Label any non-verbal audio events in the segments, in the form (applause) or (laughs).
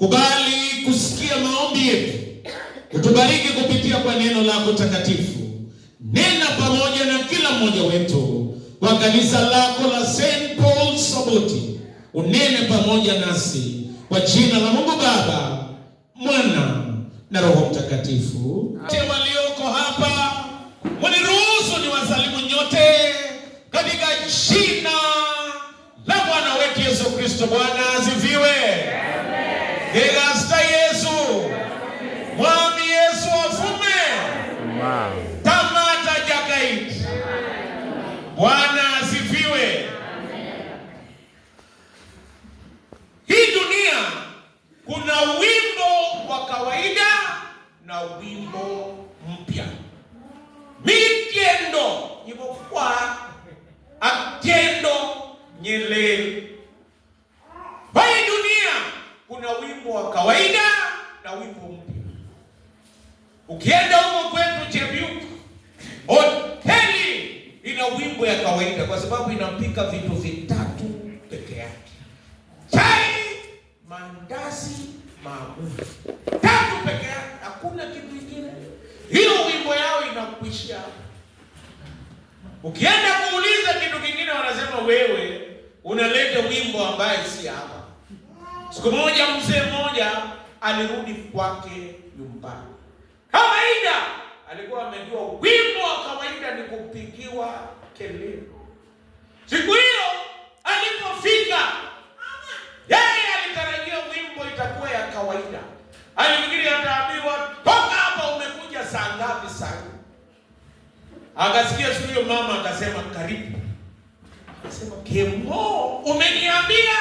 kubali kusikia maombi yetu, utubariki kupitia kwa neno lako takatifu. Nena pamoja na kila mmoja wetu kwa kanisa lako la St. Paul Saboti, unene pamoja nasi kwa jina la Mungu Baba, Mwana na Roho Mtakatifu. Walioko hapa mniruhusu ni wasalimu nyote katika jina la Bwana wetu Yesu Kristo Bwana. Llega mama akasema karibu, akasema kemo, umeniambia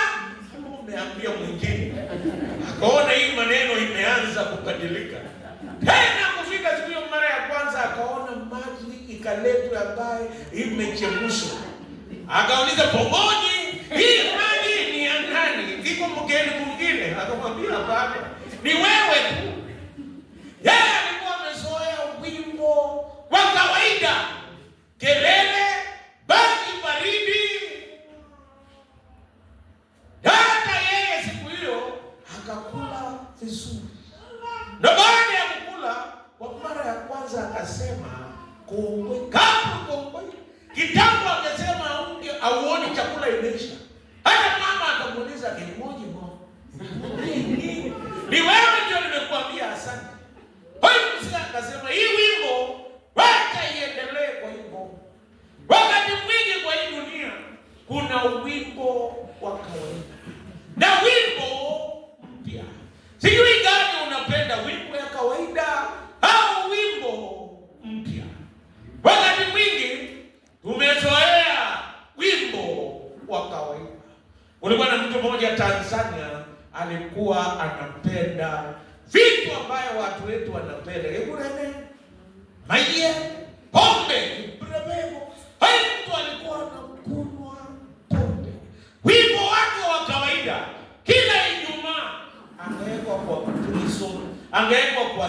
umeambia mwingine. Akaona hii maneno imeanza kubadilika tena. Kufika siku hiyo mara ya kwanza, akaona maji ikaletwa ambaye imechemshwa, akauliza pomoji, hii maji ni ya nani? Iko mgeni mwingine? Akamwambia baba, ni wewe tu kelele, baki baridi. Hata yeye siku hiyo akakula vizuri, na baada ya kukula kwa mara ya kwanza akasema kongwe, kama kongwe. Kitambo akasema auoni chakula imeisha, hata mama akamuuliza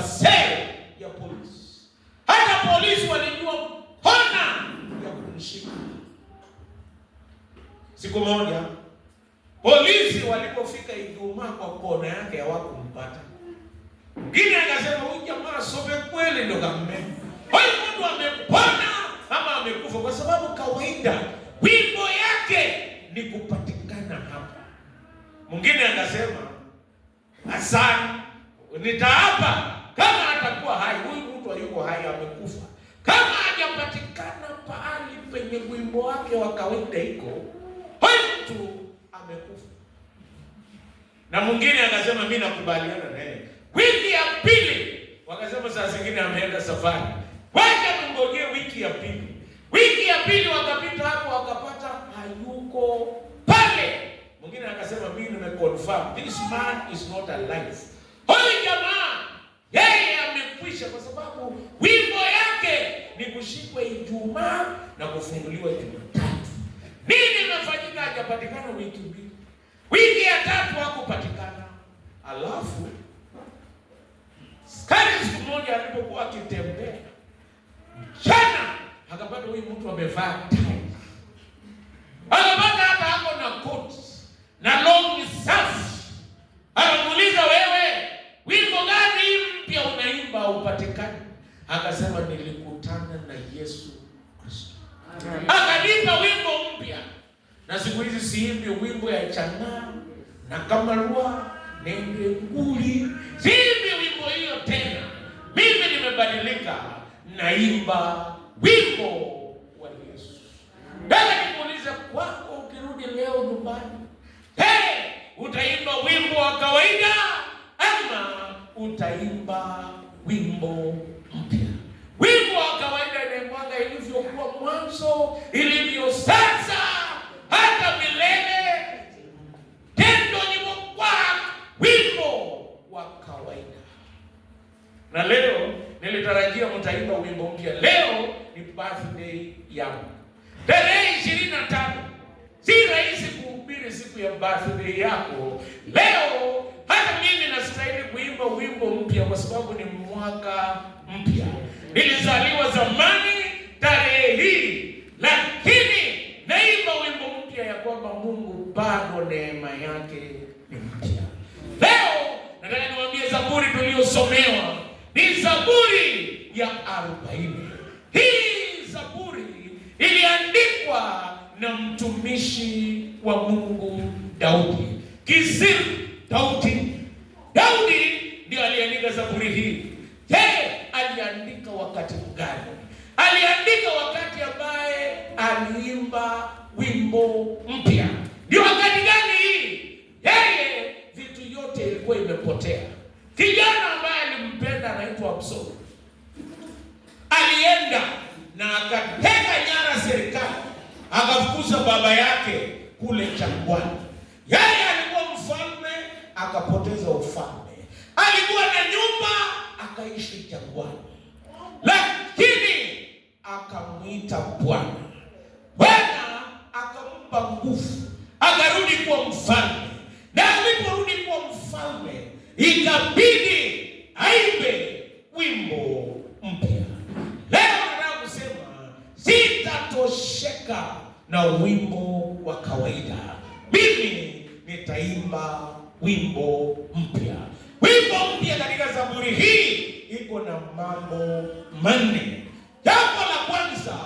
say na mwingine akasema mimi nakubaliana naye. Wiki ya pili wakasema saa zingine ameenda safari, wacha tungojee wiki ya pili. Wiki ya pili wakapita hapo, wakapata hayuko pale. Mwingine akasema mimi nimeconfirm this man is not alive. Huyu jamaa yeye amekwisha, kwa sababu wimbo yake ni kushikwa Ijumaa na kufunguliwa Jumatatu. Nini imefanyika? Hajapatikana wiki mbili wiki ya tatu hakupatikana. Alafu askari siku moja alipokuwa akitembea mchana, akapata huyu mtu amevaa tai, akapata hata hapo na koti na longi safi, akamuuliza wewe, wimbo gani mpya unaimba upatikane? Akasema nilikutana na Yesu Kristo, akanipa wimbo mpya na siku hizi siimbi wimbo ya chana na kama rua nende nguli, siimbi wimbo hiyo tena. Mimi nimebadilika, naimba wimbo wa Yesu. Dada, nikuulize kwako, ukirudi leo nyumbani, hey, utaimba wimbo wa kawaida ama utaimba wimbo mpya? Wimbo wa kawaida inaimwaga ilivyokuwa mwanzo, ilivyo sasa hata milele. Tendo lilivyokuwa wimbo wa kawaida, na leo nilitarajia mtaimba wimbo mpya. Leo ni birthday yangu tarehe ishirini na tano. Si rahisi kuhubiri siku ya birthday yako leo. Hata mimi nastahili kuimba wimbo mpya, kwa sababu ni mwaka mpya. Nilizaliwa zamani tarehe hii la kwamba Mungu bado neema yake ni mpya. Leo nataka niwaambie zaburi tuliyosomewa ni zaburi ya arobaini. Hii zaburi iliandikwa na mtumishi wa Mungu Daudi kisiri Daudi. Daudi ndio aliandika zaburi hii. Je, aliandika wakati mgani? Aliandika wakati ambaye aliimba wimbo mpya. Ni wakati gani hii? Yeye vitu yote ilikuwa imepotea. Kijana ambaye alimpenda anaitwa Absalomu alienda na akateka nyara serikali, akafukuza baba yake kule jangwani. Yeye alikuwa mfalme, akapoteza ufalme. Alikuwa na nyumba, akaishi jangwani, lakini akamwita Bwana Bwana akampa nguvu, akarudi kwa mfalme, na aliporudi kwa mfalme ikabidi aimbe wimbo mpya. Leo nataka kusema sitatosheka na wimbo wa kawaida, mimi nitaimba wimbo mpya. Wimbo mpya katika Zaburi hii iko na mambo manne. Jambo la kwanza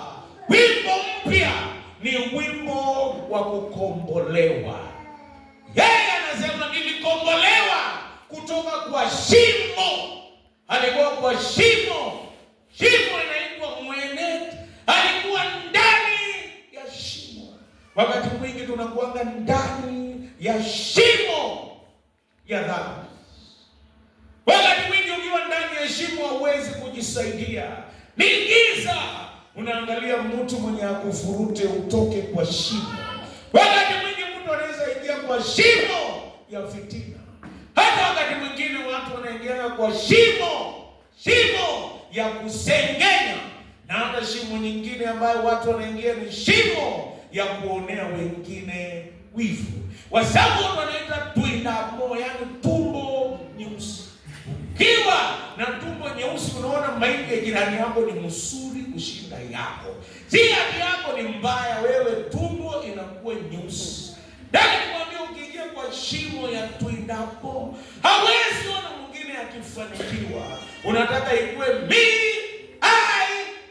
wimbo wa kukombolewa. Yeye anasema nilikombolewa kutoka kwa shimo. Alikuwa kwa shimo, shimo inaitwa mwenet. Alikuwa ndani ya shimo. Wakati mwingi tunakuanga ndani ya shimo ya dhambi. Wakati mwingi ukiwa ndani ya shimo hauwezi kujisaidia, ni giza. Unaangalia mtu mwenye akufurute utoke kwa shimo. Wakati mwingi mtu anaweza ingia kwa shimo ya fitina, hata wakati mwingine watu wanaingia kwa shimo shimo ya kusengenya, na hata shimo nyingine ambayo watu wanaingia ni shimo ya kuonea wengine wivu, kwa sababu wanaita twindamo, yaani tumbo nyeusi. Ukiwa na tumbo nyeusi, unaona maiti ya jirani yako ni mzuri kushinda yako, si yako ni mbaya, wewe tu uwe nyeusi. Nikwambia, ukiingia kwa shimo ya tuindapo hawezi ona mwingine akifanikiwa. Unataka ikuwe me I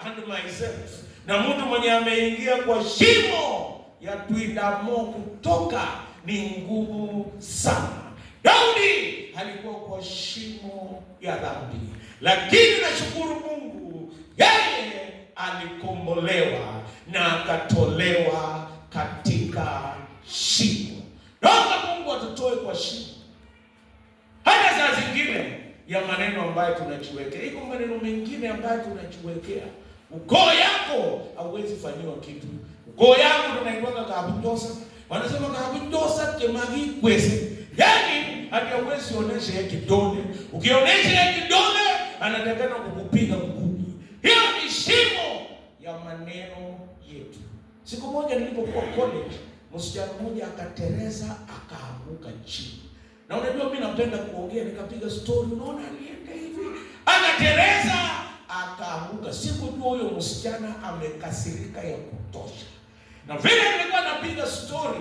and myself, na mtu mwenye ameingia kwa shimo ya tuindamo kutoka ni ngumu sana. Daudi alikuwa kwa shimo ya dhambi, lakini nashukuru Mungu, yeye alikombolewa na akatolewa katika shimo. Naomba Mungu atutoe kwa shimo, hata saa zingine ya maneno ambayo tunajiwekea. Iko maneno mengine ambayo tunajiwekea. Ukoo yako hauwezi fanyiwa kitu. Ukoo yako tunaitwanga kabundosa, wanasema kabundosa kemagi kwese, yaani hadi hauwezi onyesha ye kidole. Ukionyesha ye kidole anatakana kukupiga mguu. Hiyo ni shimo ya maneno yetu. Siku moja nilipokuwa college, msichana mmoja akatereza akaanguka chini, na unajua mimi napenda kuongea, nikapiga story, unaona alienda hivi, akatereza akaanguka. tu huyo msichana amekasirika ya kutosha, na vile nilikuwa napiga story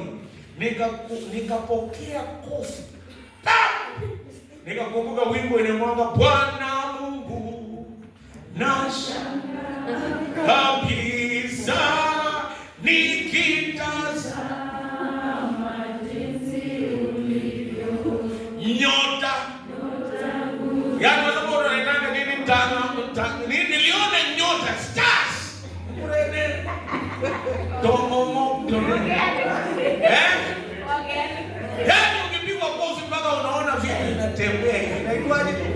nikapokea kofi nikakumbuka wimbo ile mwanga Bwana Mungu nasha nikitazama jinsi ulivyo nyota yanaonaonekana nini tano niliona nyota stars urene tomomo yaani ukipigwa kozi mpaka unaona vitu inatembea inaitwaje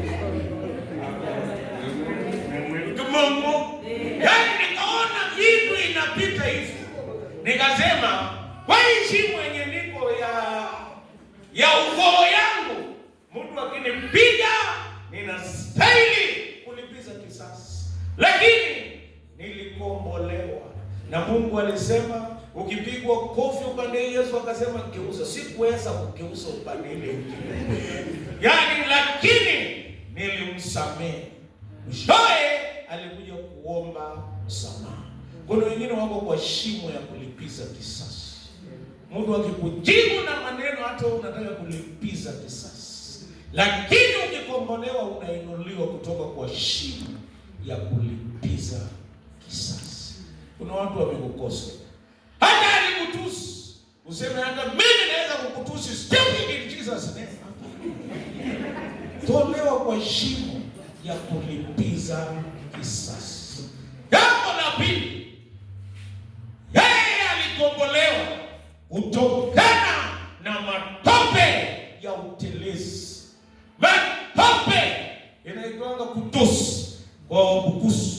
nikasema waishi mwenye niko ya ya ukoo yangu, mtu akinipiga ninastahili kulipiza kisasi, lakini nilikombolewa na Mungu. Alisema ukipigwa kofi upande, Yesu akasema geuza. Sikuweza kugeuza upande ile yani, lakini nilimsamehe. Mshoe alikuja kuomba msamaha. Kuna wengine wako kwa shimo ya kulipiza kisasi. Mtu akikujibu na maneno hata unataka kulipiza kisasi, lakini ukikombolewa unainuliwa kutoka kwa shimo ya kulipiza kisasi. Kuna watu wamekukosa, hata alikutusi, useme hata mimi naweza kukutusi, stupid in Jesus name. Tolewa kwa shimo ya kulipiza kisasi. Jambo la pili kuokolewa kutokana na matope ya utelezi. Matope inaitwanga kutusi kwa Bukusu.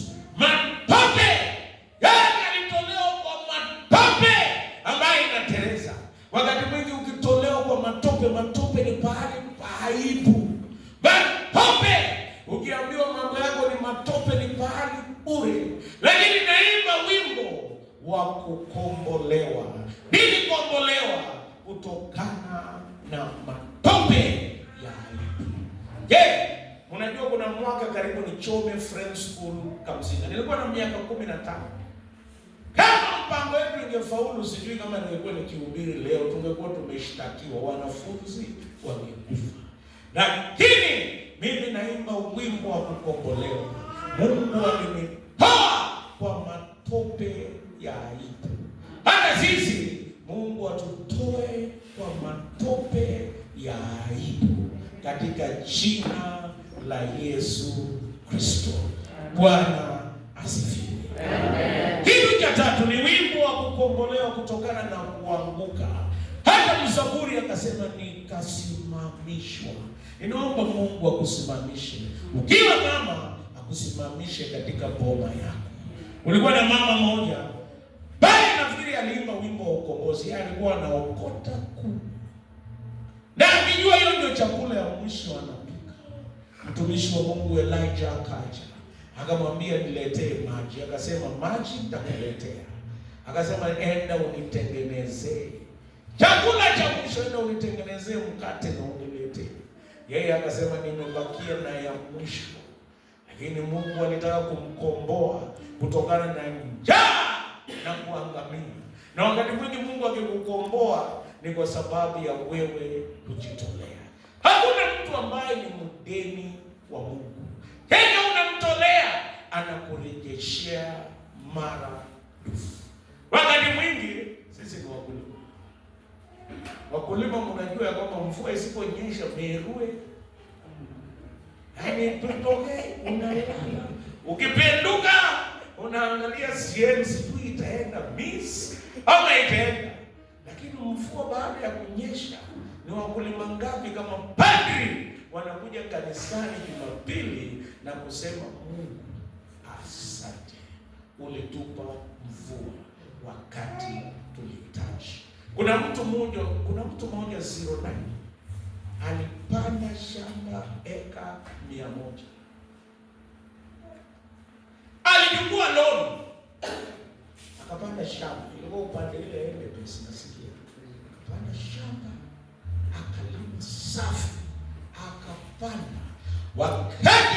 sisi, Mungu atutoe kwa matope ya aibu katika jina la Yesu Kristo. Bwana asifiwe. Kitu cha tatu ni wimbo wa kukombolewa kutokana na kuanguka. Hata mzaburi akasema nikasimamishwa. inaomba Mungu akusimamishe ukiwa mama, akusimamishe katika boma yako. Ulikuwa na mama moja bali nafikiri aliimba wimbo wa ukombozi, alikuwa anaokota kuu, na akijua hiyo ndio chakula ya mwisho anapika. Mtumishi wa Mungu Elijah akaja akamwambia, niletee maji. Akasema, maji nitakuletea. Akasema, enda unitengenezee chakula cha mwisho, enda unitengenezee mkate na uniletee. Yeye akasema, nimebakia na ya mwisho, lakini Mungu alitaka kumkomboa kutokana na njaa na kuangamia. Na wakati mwingi Mungu akikukomboa ni kwa sababu ya wewe kujitolea. Hakuna mtu ambaye ni mdeni wa Mungu, kenye unamtolea anakurejeshea mara dufu. Wakati mwingi sisi ni wakulima. Wakulima mnajua ya kwamba mvua isiponyesha merue, yaani tutoke, unalala ukipenduka unaangalia sieni, sijui itaenda miss ama itaenda, lakini mvua baada ya kunyesha ni wakulima ngapi kama padri wanakuja kanisani Jumapili na kusema Mungu mm, asante, ulitupa mvua wakati tulihitaji. Kuna mtu mmoja, kuna mtu mmoja 09 alipanda shamba eka mia moja alinyangua loan akapanda shamba, ilikuwa upande ile ende pesa nasikia, akapanda shamba akalima safi, akapanda wakati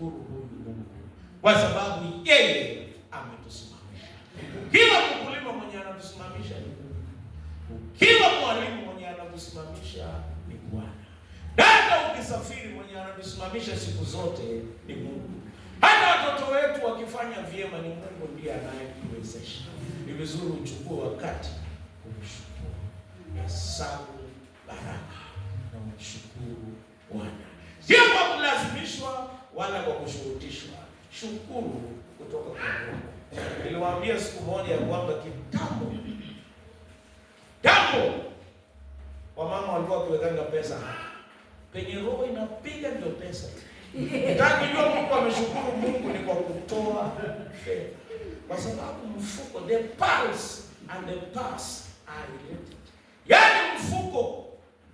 tunamshukuru huyu Mungu kwa sababu yeye ametusimamisha. Ukiwa mkulima mwenye anatusimamisha ni Mungu, ukiwa mwalimu mwenye anatusimamisha ni Bwana, hata ukisafiri mwenye anatusimamisha siku zote ni Mungu, hata watoto wetu wakifanya vyema ni Mungu ndiye anayekuwezesha. Ni vizuri uchukue wakati kumshukuru, sau baraka na mshukuru Bwana, sio kwa kulazimishwa wala kwa kushurutishwa. Shukuru kutoka kwa Mungu. Niliwaambia siku moja ya kwamba kitambo tambo wamama walikuwa wakiwekanga pesa penye roho inapiga ndio pesa. Takijua Mungu ameshukuru Mungu ni kwa kutoa fedha, kwa sababu mfuko, the pulse and the pass are related, yaani mfuko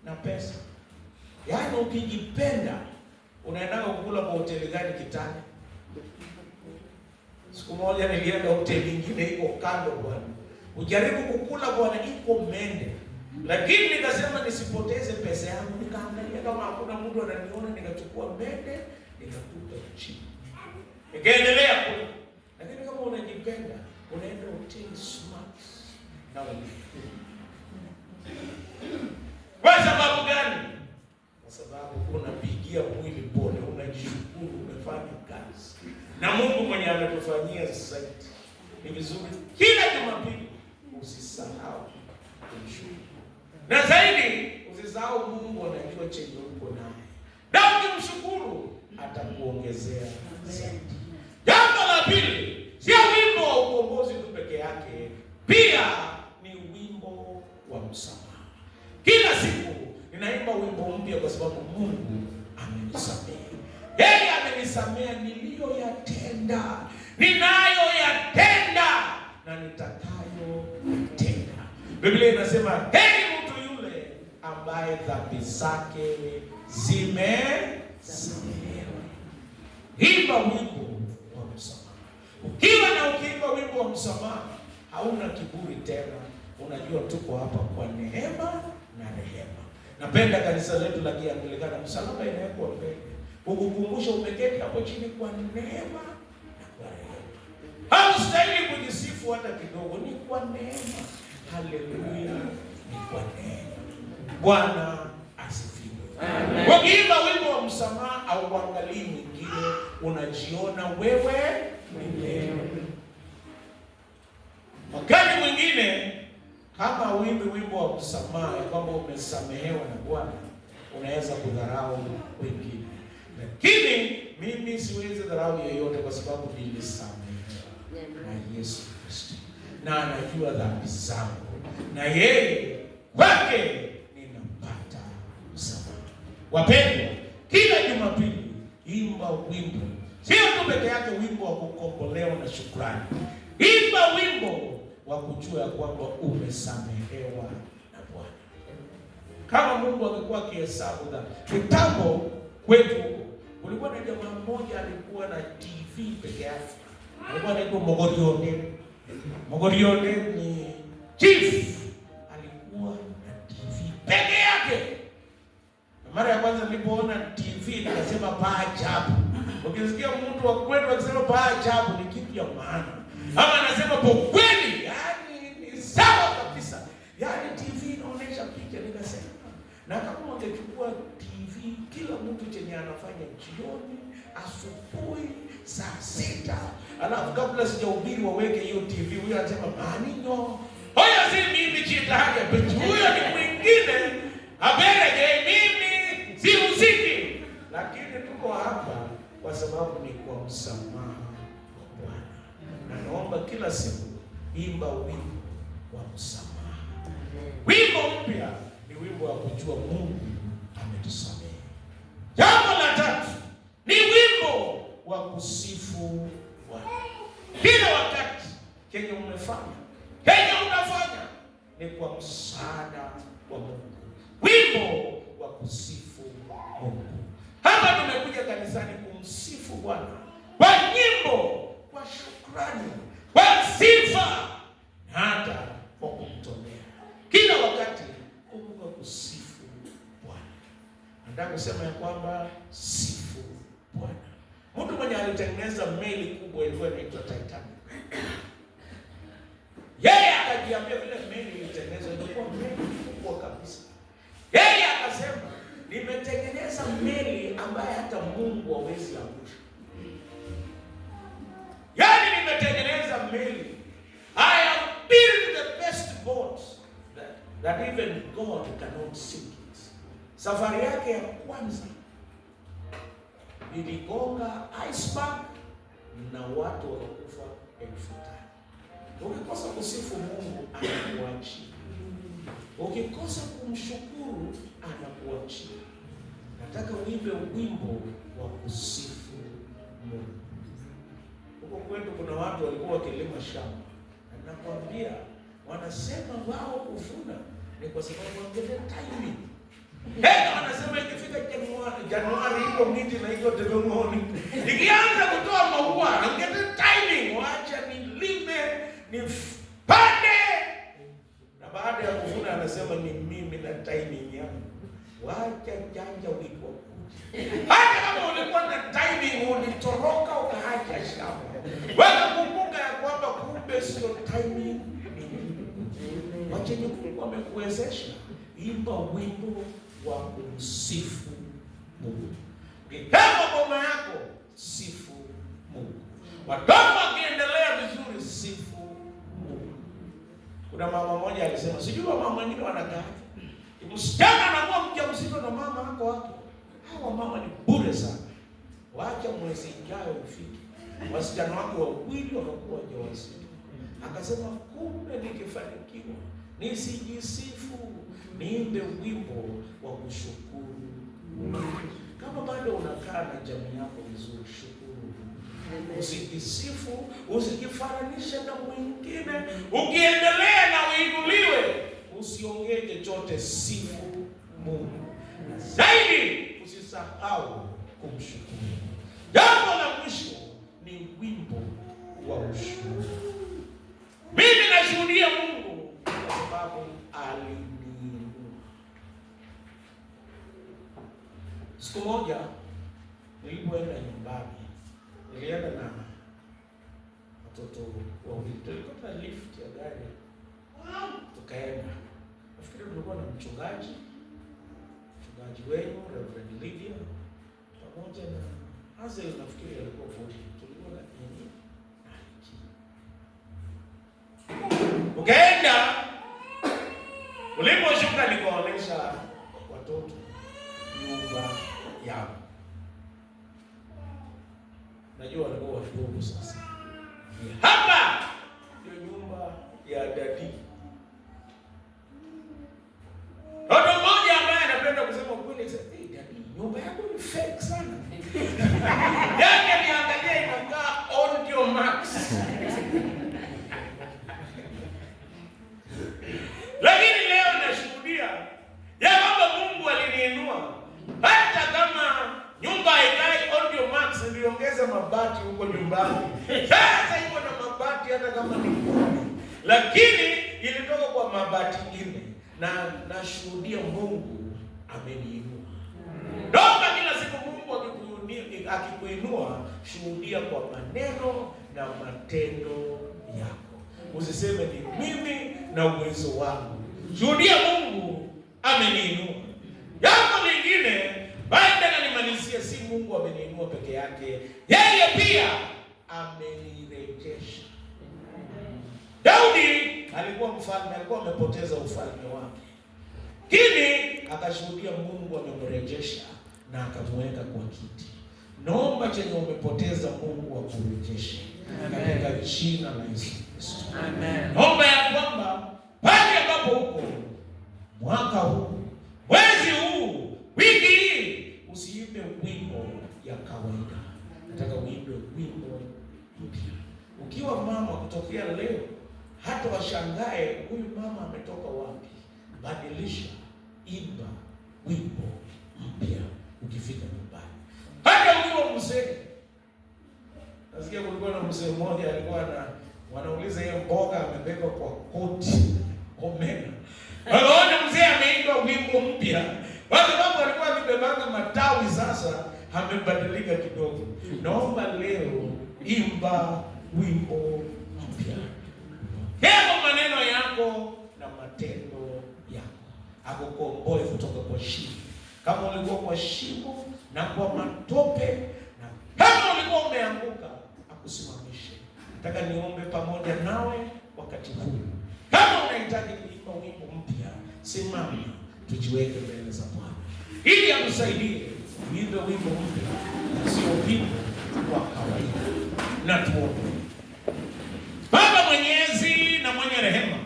na pesa, yaani ukijipenda unaendaga kukula kwa hoteli gani Kitale? Siku moja nilienda hoteli nyingine iko kando bwana, ujaribu kukula bwana, iko mende, lakini nikasema nisipoteze pesa yangu, nikaangalia kama hakuna mtu ananiona, nikachukua mende nikakuta chini, nikaendelea kula. Lakini kama unajipenda unaenda hoteli smart na kwa sababu gani? sababu unapigia mwili pole, unajishukuru, umefanya kazi na Mungu mwenye ametufanyia zaidi. Ni vizuri kila Jumapili usisahau kumshukuru, na zaidi usisahau Mungu anajua chenye uko naye, na ukimshukuru atakuongezea zaidi. Jambo la pili, sio wimbo wa ukombozi tu peke yake, pia ni wimbo wa msamaha kila siku Ninaimba wimbo mpya kwa sababu Mungu mm. amenisamehe. Yeye amenisamehe niliyoyatenda, ninayoyatenda na nitakayotenda. Biblia inasema heri mtu yule ambaye dhambi zake zimesamehewa. Imba wimbo wa msamaha. Ukiwa na ukiimba wimbo wa msamaha, hauna kiburi tena, unajua tuko hapa kwa neema na rehema. Napenda kanisa letu la Kianglikana, msalaba inawekwa mbele, ukukumbusha umeketi hapo chini kwa neema na kwa rehema. Haustahili kujisifu hata kidogo, ni kwa neema. Haleluya, ni kwa neema. Bwana asifiwe. Wakiimba wimbo wa msamaha au uangalii mwingine, unajiona wewe mwenyewe wakati mwingine kama wimbi wimbo wa msamaha kwamba umesamehewa na Bwana, unaweza kudharau wengine, lakini mimi siwezi dharau yeyote, kwa sababu nilisamehewa na Yesu Kristo na anajua dhambi zangu, na yeye kwake ninapata msamaha. Wapendwa, kila Jumapili imba wimbo, sio tu peke yake wimbo wa kukombolewa na shukrani, imba wimbo wa kujua ya kwamba umesamehewa na Bwana. Kama Mungu angekuwa akihesabu dhambi kitambo kwetu huko, kulikuwa na jamaa mmoja alikuwa na TV peke yake, alikuwa anaitwa Mogorione. Mogorione ni chief, alikuwa na TV peke yake. Mara ya kwanza nilipoona TV nikasema pa ajabu. Ukisikia mtu wa kwetu akisema pa ajabu ni kitu ya maana, ama anasema pokwe mtu chenye anafanya jioni, asubuhi, saa sita, alafu kabla sijahubiri waweke hiyo TV. Huyo anasema maninyo hoyo, si mimi chitake pichu, huyo ni mwingine aberege, mimi si usiki. lakini tuko hapa kwa sababu ni kwa msamaha wa Bwana. Na naomba kila siku imba wimbo wa msamaha. Wimbo mpya ni wimbo wa kujua Mungu ametusamehe. Jambo la tatu ni wimbo wa kusifu Bwana. Kila wakati kenye umefanya kenye unafanya ni kwa msaada wa Mungu, wimbo wa kusifu Mungu. Hapa tumekuja kanisani kumsifu Bwana kwa nyimbo, kwa shukrani, kwa sifa na hata kwa kumtolea kila wakati kumbuka kusifu Nataka kusema ya kwamba sifu Bwana. Mtu mwenye alitengeneza meli kubwa ilikuwa inaitwa Titanic. Yeye akajiambia vile Safari yake ya kwanza iligonga iceberg na watu wakakufa elfu tano. Ukikosa kusifu Mungu anakuachi ukikosa kumshukuru anakuachia. Nataka uimbe wimbo wa kusifu Mungu. Huko kwetu kuna watu walikuwa wakilima shamba, nakwambia, wanasema wao kuvuna ni kwa sababu wangele timing Hela anasema ikifika Januari, Januari iko miti na iko tegongoni. Ikianza kutoa maua, angete timing, wacha nilime, nipande. Na baada ya kuvuna anasema ni mimi na timing yangu. Wacha janja wiko. Hata kama ulikuwa na timing ulitoroka ukaacha shamba. Wewe kumbuka ya kwamba kumbe sio timing. Wacha Mungu amekuwezesha. Imba wimbo wa kumsifu Mungu. Nitema boma yako, sifu Mungu. Watoto wakiendelea vizuri, sifu Mungu. Kuna mama moja alisema, sijui mama mwingine wanakaa msichana anakuwa mjamzito na mama yako hapo, hawa mama ni bure sana. Wacha mwezi ijayo ufike, wasichana wako wawili wakakuwa wajawazito. Akasema kumbe nikifanikiwa nisijisifu niimbe wimbo wa kushukuru Kama bado unakaa na jamii yako vizuri, shukuru. Usijisifu, usijifananishe na mwingine. Ukiendelea na uinuliwe, usiongee chochote, sifu Mungu na zaidi, usisahau kumshukuru. Jambo la mwisho ni wimbo wa ushukuru. Mimi nashuhudia Mungu kwa sababu ali Siku moja nilipoenda nyumbani, nilienda na watoto wawili, tulikota lift ya gari tukaenda. Nafikiri tulikuwa na mchungaji mchungaji wenu Reverend Lydia pamoja na Hazel, nafikiri alikuwa fundi, tulikuwa na nini ukaenda uliposhuka, nikaonesha watoto nyumba yao. Najua walikuwa wafiumu sasa. Hapa ndio nyumba ya dadi Watu mmoja ambaye anapenda kusema ukweli sasa, hey, dadi, nyumba yako ni fake sana. (laughs) Yake niangalia inakaa audio max. (laughs) Lakini leo mabati huko nyumbani. (laughs) Sasa iko na mabati hata kama ni kumi, lakini ilitoka kwa mabati ingine, na nashuhudia Mungu ameniinua. Omba kila siku Mungu akikuinua, shuhudia kwa maneno na matendo yako. Usiseme ni mimi na uwezo wangu, shuhudia Mungu ameniinua. Jambo lingine na nanimalizia, si Mungu ameniinua peke yake, yeye pia amenirejesha. Daudi alikuwa mfalme, alikuwa amepoteza ufalme wake, lakini akashuhudia Mungu amemrejesha na akamweka kwa kiti. Naomba chenye umepoteza Mungu akurejeshe katika jina la Yesu Kristo. Amen. Naomba ya kwamba pale ambapo huko mwaka huu mwezi huu wiki hii usiimbe wimbo ya kawaida, nataka uimbe wimbo mpya. Ukiwa mama kutokea leo, hata washangae huyu mama ametoka wapi. Badilisha, imba wimbo mpya ukifika nyumbani, hata ukiwa mzee. Nasikia kulikuwa na mzee mmoja alikuwa na wanauliza hiyo mboga amebeba kwa koti omena, wakaona mzee ameimba wimbo mpya wale mambo alikuwa akibebanga matawi sasa amebadilika kidogo. Naomba leo imba wimbo mpya. Hebu maneno yako na matendo yako. Akukomboe kutoka kwa shimo. Kama ulikuwa kwa shimo na kwa matope na kama ulikuwa umeanguka akusimamishe. Nataka niombe pamoja nawe wakati huu. Kama unahitaji kuimba wimbo mpya, simama tujiweke mbele za Bwana ili atusaidie uimbe wimbo mpya sio wimbo wa kawaida, na tuombe. Baba mwenyezi na mwenye rehema,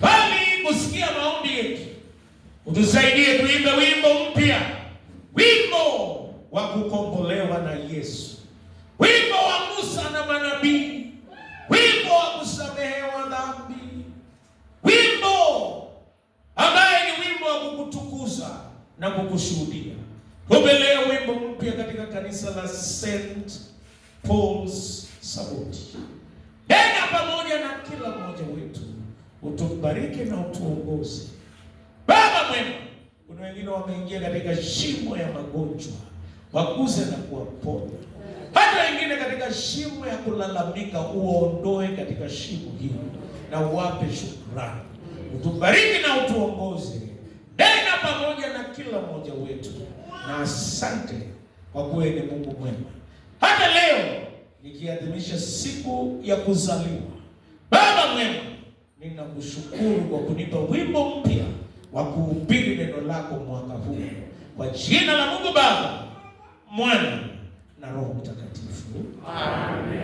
bali kusikia maombi yetu, utusaidie tuimbe wimbo mpya, wimbo wa kukombolewa na Yesu, wimbo wa Musa na manabii, wimbo wa kusamehewa dhambi, wimbo ambaye wa kukutukuza na kukushuhudia. Humelea wimbo mpya katika kanisa la St. Paul's Saboti. Nena pamoja na kila mmoja wetu, utubariki na utuongoze. Baba mwema, kuna wengine wameingia katika shimo ya magonjwa, waguze na kuwaponya. Hata wengine katika shimo ya kulalamika, uwaondoe katika shimo hilo na uwape shukrani. Utubariki na utuongoze tena pamoja na kila mmoja wetu, na asante kwa kuwa ni Mungu mwema. Hata leo nikiadhimisha siku ya kuzaliwa, Baba mwema, ninakushukuru kwa kunipa wimbo mpya wa kuhubiri neno lako mwaka huu, kwa jina la Mungu Baba, Mwana na Roho Mtakatifu, amen.